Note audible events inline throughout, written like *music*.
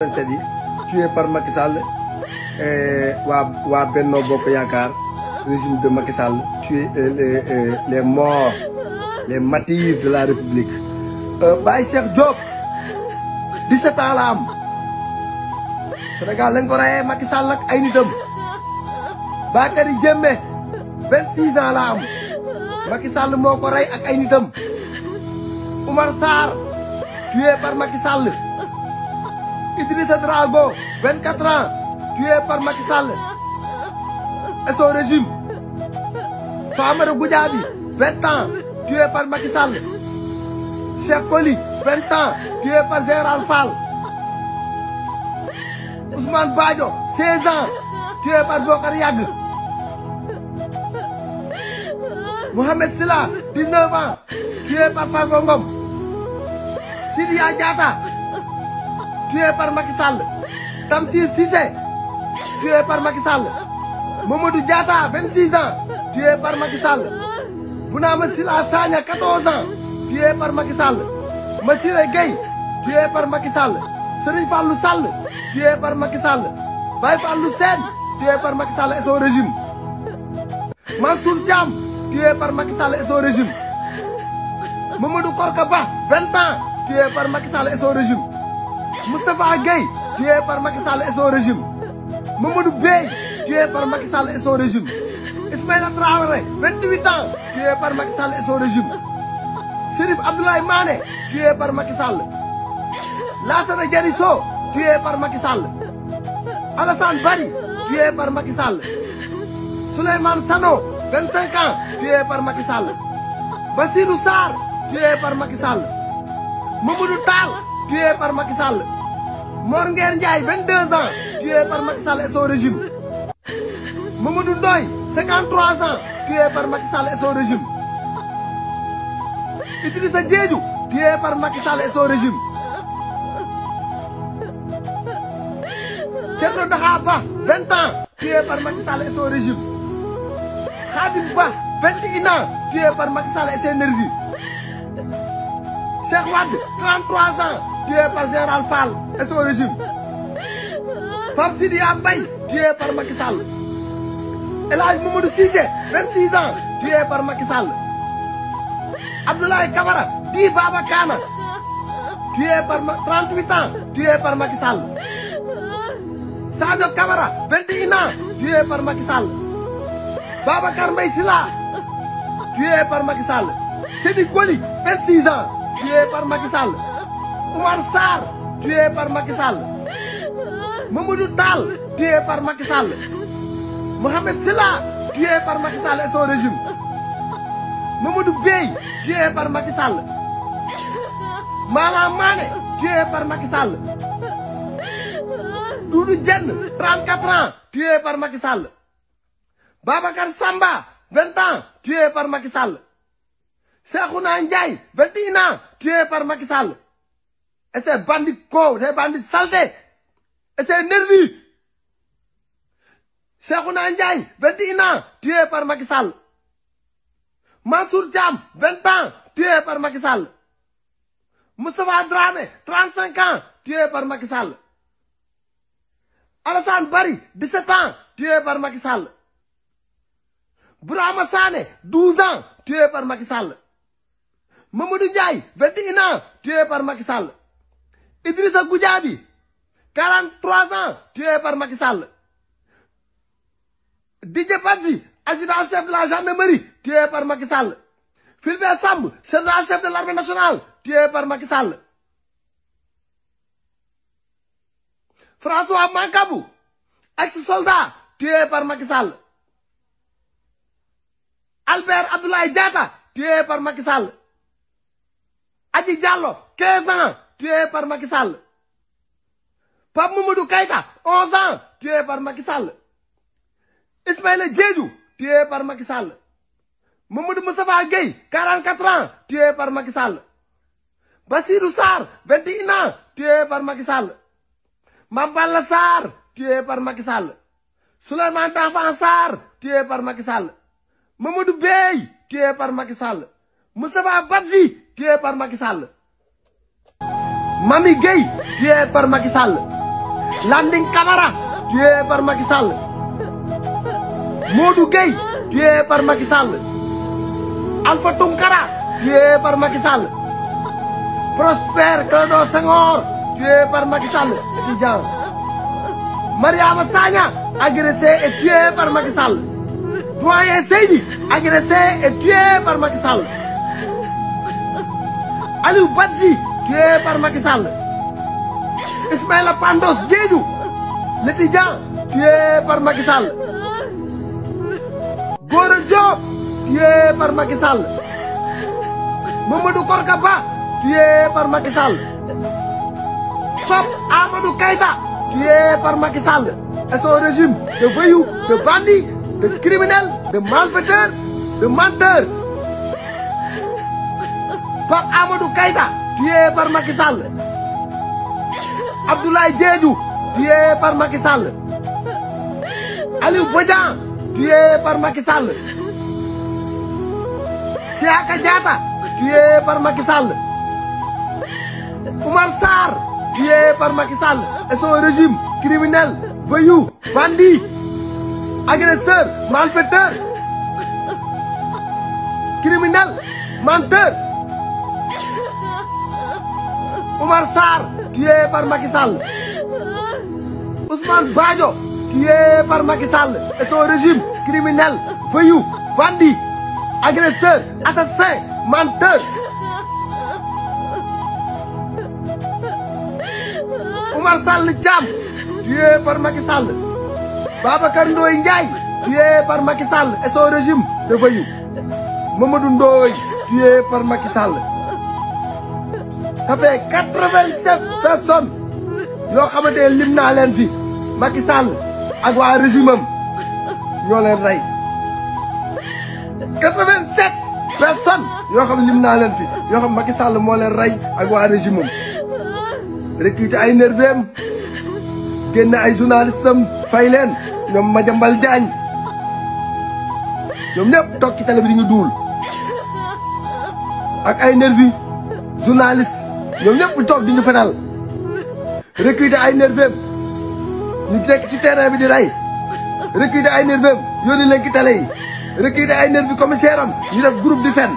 27 yi tué par Macky Sall eh, waa waa Benno Bokk Yaakaar régime de Macky Sall tué eh, les eh, les morts de la République euh, Baye Cheikh Diop 17 ans la am Sénégal lañ ko rayee Macky Sall ak ay nitam Bakary Diémé ans la am Macky Sall ak ay nitam Oumar Sarr par Macky Idrissa Drago, 24 ans, tué par Macky Sall et son régime. Famara Goudjabi, 20 ans, tué par Macky Sall. Cheikh Koli, 20 ans, tué par Gérald Fall. Ousmane Badio, 16 ans, tué par Bokar Yag. Mohamed Silla, 19 ans, tué par Farbongom. Sidia Diata, tué par Macky Sall Tamsir Cissé tué par Macky Sall Mamadou Diatta 26 ans par Macky Sall Bounama Sila Sagna 14 ans tué par Macky Sall Massiré Gueye par Macky Sall Serigne Fallou Sall tué par Macky Sall Baye Fallou Sène tué par Macky Sall et son régime Mansour par Macky Sall et son régime Mamadou Korka Ba par Macky Sall et Moustapha Gueye tué par Macky Sall et son Bey tué par Macky Sall et son régime Ismaïla Traoré 28 ans tué par Macky Sall et son régime Chérif Abdoulaye Mané tué par Macky Sall Lassana Diary Sow tué par Macky Sall Alassane Bari tué par Macky Sall Sano 25 ans tué par Macky Sall Bassirou Sarr tué par Macky Sall tué par Macky Sall Mor Nguer Ndiaye 22 ans tué par Macky Sall et son régime Mamadou Ndoy 53 ans tué par Macky Sall et son régime Idrissa Diédhiou tué par Macky Sall et son régime Thierno Daha Ba 20 ans tué par Macky Sall et son régime Khadim Ba 21 ans tué par Macky Sall et ses nervis Cheikh Wade 33 ans tué par Général Fall et son régime Pape Sidia Mbaye tué par Macky Sall El Hadj Mamadou Cissé 26 ans tué par Macky Sall Abdoulaye Camara di Baba Kana tué par 38 ans tué par Macky Sall Sadio Camara 21 Oumar Sarr tué par Macky Sall Mamadou Tall tué par Macky Sall Mohamed Silla tué par Macky Sall et son régime Mamadou Bey tué par Macky Sall Mala Mané tué par Macky Sall Doudou Diène 34 ans tué par Macky Sall Babacar Samba 20 ans tué par Macky Sall Cheikhouna Ndiaye 21 ans tué par Macky et ces bandits cons ces bandits saltés et ces nervis Cheikhouna vingt et ans tué par Macky Sall Mansour Thiam vingt ans tué par Macky Sall Moustapha Dramé trente cinq ans tué par Macky Sall Alassane Bari dix sept ans tué par Macky Sall Bourama Sané douze ans tué par Macky Sall Mamadou Ndiaye vingt et ans tué par Macky Sall Idrissa Goudiaby 43 ans tué par Macky Sall Didier Badji chef de la gendarmerie tué par Macky Sall Fulbert Sambou général chef de l'armée nationale tué par Macky François Mancabou ex-soldat tué par Macky Albert Abdoulaye Diatta tué par Macky Sall Adji Diallo ans tué par Macky Sall Pape Mamadou Keïta 11 ans tué par Macky Sall Ismaïla Diédhiou tué par Macky Sall Mamadou Moustapha Gueye 44 ans tué par Macky Sall Bassirou Sarr 21 ans tué par Macky Sall Mame Balla par Macky Sall Souleymane Daffan Sarr par Macky Sall Mamadou Bey tué par Macky Sall Moustapha Badji par Macky Mami tu es par Macky Sall. Landing Camara, es par Macky Sall. Modou tu es par Macky Sall. Alpha Tunkara, es par Macky Sall. Prosper Clédor Senghor, es par Macky Sall, étudiant. Mariama Sagna, eh, agressé et es par Macky Sall. Doyen Seydi, agressé et eh, es par Macky Sall. Aliou Badji, tué par Macky Sall Ismaïla Pandos Diédhiou l'étudiant tué par Macky Sall Gora Diop tué par Macky Sall Mamadou Ba tué par Macky Sall Pape Amadou Keïta tué par Macky Sall et son régime de voyous de bandits de criminels de Pape Amadou Keita, tué par Macky Sall. Abdoulaye Diédou, tué par Macky Sall. Aliou Bodian, tué par Macky Sall. Siaka Diatta, par Macky Sall. Oumar Sarr, par Macky Sall et son régime criminel, voyou, bandit, agresseur, malfaiteur, Umar Sar, dia par Makisal. Usman Bajo, dia par Makisal. Sall et son régime criminel, voyou, bandit, agresseur, assassin, menteur. Umar Sal, jam, dia par Makisal. Baba Kando Ndoye dia par Makisal. Sall et son régime de voyous. Mamadou Ndoye tué par Macky ça fait quatre-vingt-sept personnes yoo xamante ne lim naa leen fi Macky Sall ak waa régime am ñoo rey quatre vingt yoo xam lim naa leen fi yoo xam Macky Sall moo leen rey ak wa régime am recruter ay nerveem génn ay journaliste fay leen ñoom Madiambal Diagne ñoom ñëpp toog ci télé bi di ñu duul ak ay nervi journaliste ñoom ñëpp toog di ñu fenal recruter ay nerveux ñu nekk ci terrain bi di rey recruter ay nerveux yónni leen ki tale yi recruter ay nerveux commissaire am ñu def groupe di fen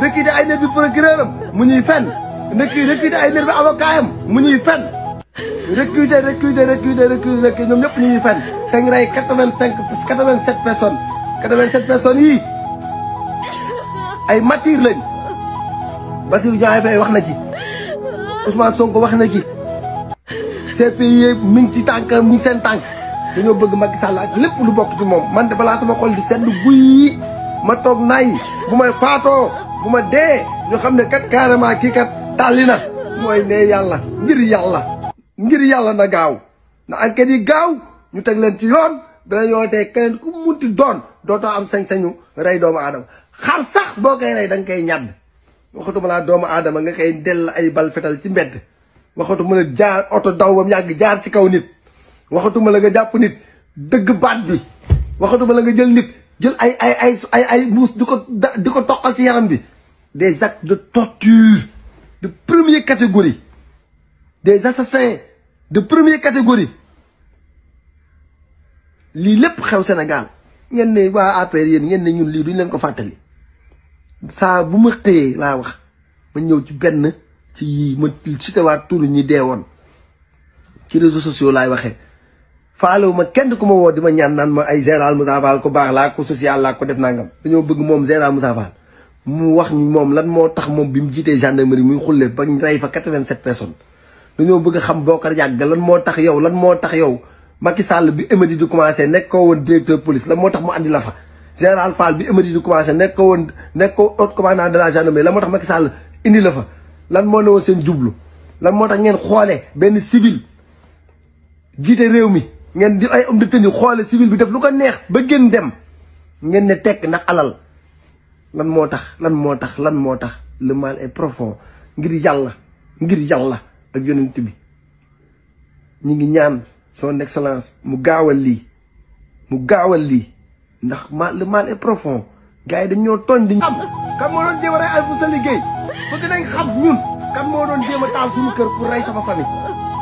recruter ay nerveux procureur am mu ñuy fen recruter ay nerveux avocat am mu ñuy fen recruter recruter recruter recruter ñoom ñëpp ñu ñuy fen te ngi rey quatre-vingt-cinq quatre-vingt-sept personnes quatre-vingt-sept personnes ay martyrs lañ Bassirou Diomaye wax na ji Ousmane Sonko wax na ci CPI mi ngi ci tànkam mi ngi seen tànk dañoo bëgg Macky Sall ak lépp lu bokk ci moom man de balaa sama xol di sedd guy ma toog nay bu may faatoo bu ma dee ñu xam ne kat carrément kii kat tàlli na mooy ne yàlla ngir yàlla ngir yàlla na gaaw na enquête yi gaaw ñu teg leen ci yoon bala yoo tee keneen ku munti doon dootoo am sañ-sañu rey doomu aadama xar sax boo koy rey da koy ñàdd waxatu mala doomu aadama nga kay del ay bal fetal ci mbedd waxatu otot jaar auto daw bam yàgg jaar ci kaw nit waxatu mala nga japp nit deug baat bi waxatu mala nga jël nit jël ay ay ay ay ay mous diko diko tokal ci yaram bi des actes de torture de première catégorie des assassins de première catégorie li lepp xew senegal ngeen ne wa APR yeen ngeen ne ñun li duñ leen ko fatali saa bu ma xëyee laa wax ma ñëw ci benn ci yii ma citewaat turu ñi dee woon ci réseaux sociaux laay waxee faalewu ma kenn ku ma woo di ma ñaan naan ma ay général Moussa Fall ko baax laa ko social laa ko def nangam dañoo bëgg moom général Moussa Fall mu wax ñu moom lan moo tax moom bi mu jiitee gendarmerie muy xulle ba ñu rey fa quatre-vingt-sept personnes dañoo bëgg xam Bocar Diack lan moo tax yow lan moo tax yow Macky sàll bi Eumady di commencé nekk koo woon directeur police lan moo tax mu andi la fa général Fall bi Amady di commencé nekk woon nekk haut commandant de la gendarmerie la motax tax indi la fa lan mo ne woon seen jublu lan motax tax ngeen xoolee civil jiite réew mi ngeen di ay homme de tenue xolé civil bi def lu ko neex ba genn dem ngeen ne tek nak alal lan motax lan motax lan motax le mal est profond ngir yalla ngir yalla ak yonent bi ñi ngi ñaan son excellence mu gawal li mu gawal li ndax mal le mal est profond gars yi dañ ñoo tooñ di xam kan moo a rey sa liggéey bëgg nañ xam ñun kan moo doon jéem a taal suñu kër pour rey sama famille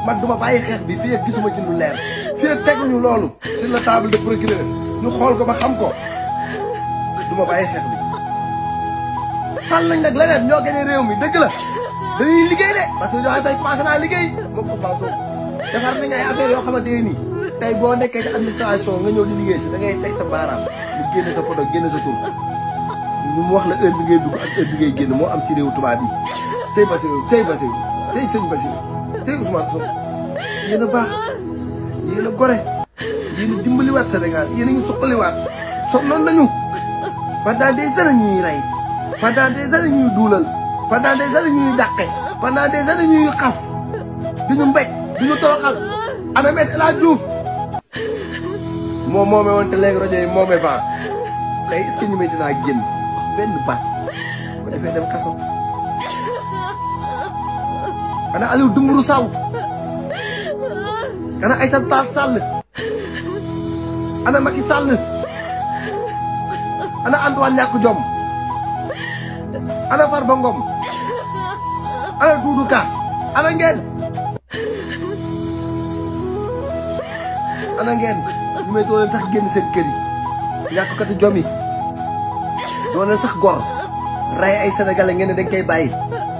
man duma bàyyi xeex bi fii ak gisuma ci lu leer fii ak teguñu loolu sur la table de procureur ñu xool ko ba xam ko duma bàyyi xeex bi tal nañ nag leneen ñoo gagné réew mi dëgg la dañuy liggéey de parce que Diomaye Faye commencé naa liggéey moom Ousmane Sonko defar nañ yoo xamante ne nii tay boo nekkee ci administration nga ñëw di liggéey ci da ngay tek sa baram bu génn sa photo génn sa tour ñu wax la heure bi ngay dugg ak heure bi ngay génn mo am ci réewu tuba bi tay passé tay Bassirou tey sëñ Bassirou tey Ousmane Sonko yéen bax baax yéen a gore yéen a dimbaliwaat Sénégal yéen a ñu suqaliwaat sonnoon nañu pendant des années ñuy ray pendant des années ñuy doulal pendant des années ñuy dàqe pendant des années ñuy xas duñu mbéj duñu toroxal ana met la Hadj Diouf Momo memang woon te momo, rajo yi moome faa léegi est ce que ñu may dinaa génn Karena benn baat bu defee dem kaso ana Aliou Dembourou Sow ana Aïssata Tall Sall ana Macky Sall ana Antoine jom ana Farba ana Doudou ana ngeen ana ngeen bi may doo leen sax génn seen kër yi ñàkkukati jom yi sax gor rey ay sénégalais ngeen ne dañ koy bàyyi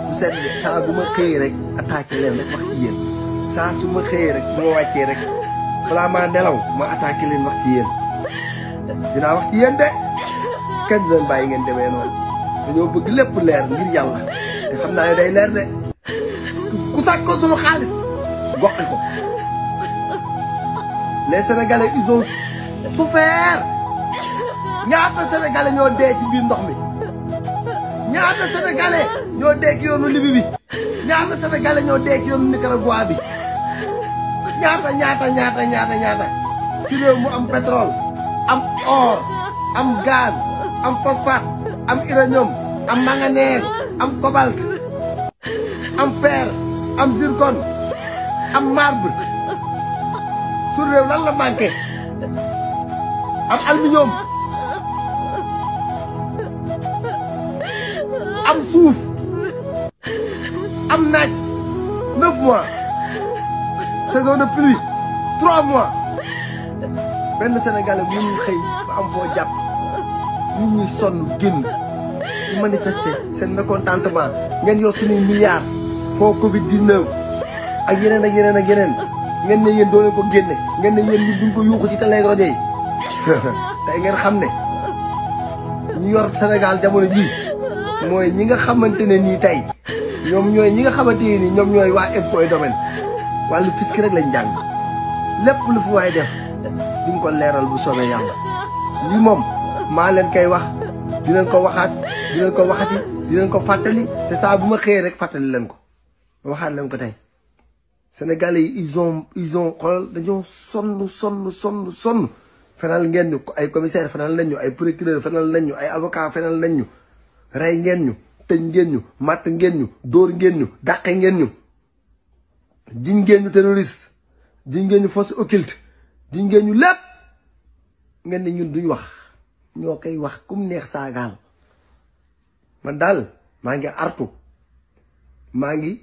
bu seet saa bu xëyee rek attaqué leen rek wax ci yéen saa su xëyee rek bu wàccee rek balaa ma nelaw ma attaqué leen wax ci yéen dinaa wax ci yéen de kenn du bàyyi ngeen demee noonu dañoo bëgg lépp leer ngir yàlla te xam naa day leer de ku sàkkoon sunu xaalis goqi les sénégalais ils ont ñaata sénégalais ñoo dee biir ndox mi ñaata sénégalais ñoo dee ci yoonu Libi bi ñaata sénégalais ñoo dee ci yoonu Nicaragua bi ñaata ñaata ñaata ñaata ñaata ci réew mu am pétrole am or am gaz am phosphate am uranium am manganèse am cobalt am fer am zircon am marbre suñu réew la manqué am aluminium am suuf am naaj neuf mois saison de pluie trois mois benn sénégalais mënul xëy ba am foo jàpp nit ñi sonn génn di manifester seen mécontentement ngeen yor suñuy milliards fond Covid 19 ak yeneen ak yeneen ngeen ne yéen doo leen génne ngeen ne yéen ñu duñ ko yuuxu ci télé rajo yi *laughs* tey ngeen xam ne ñu yor Sénégal jamono ji mooy ñi nga xamante ne nii tey ñoom ñooy ñi nga xamante ne nii ñoom ñooy waa impôt domaine wàllu fisc rek lañ jàng lépp lu fi waay def duñ ko leeral bu soobee yàlla lii moom maa leen koy wax di leen ko waxaat di ko waxati di leen ko fàttali te saa bu ma xëyee rek fàttali leen ko waxaat leen ko tey Sénégalais ils ont ils ont xoolal son, son, son, son, sonn fenal ngeen ay commissaire Fénal nañ ay procureur Fénal nañ avocat Fénal nañ Ray rey ngeen ñu tëj ñu ñu terroriste jiñ force occulte jiñ ngeen ñu lépp ngeen ne ñun duñ wax ñoo Mandal, wax kum neex artu ngi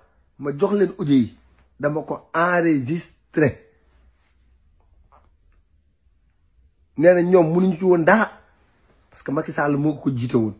ma jox leen audio dama ko enregistré nee na ñoom mënuñu ci woon daa parce que Macky Sall moo ko ko jiite woon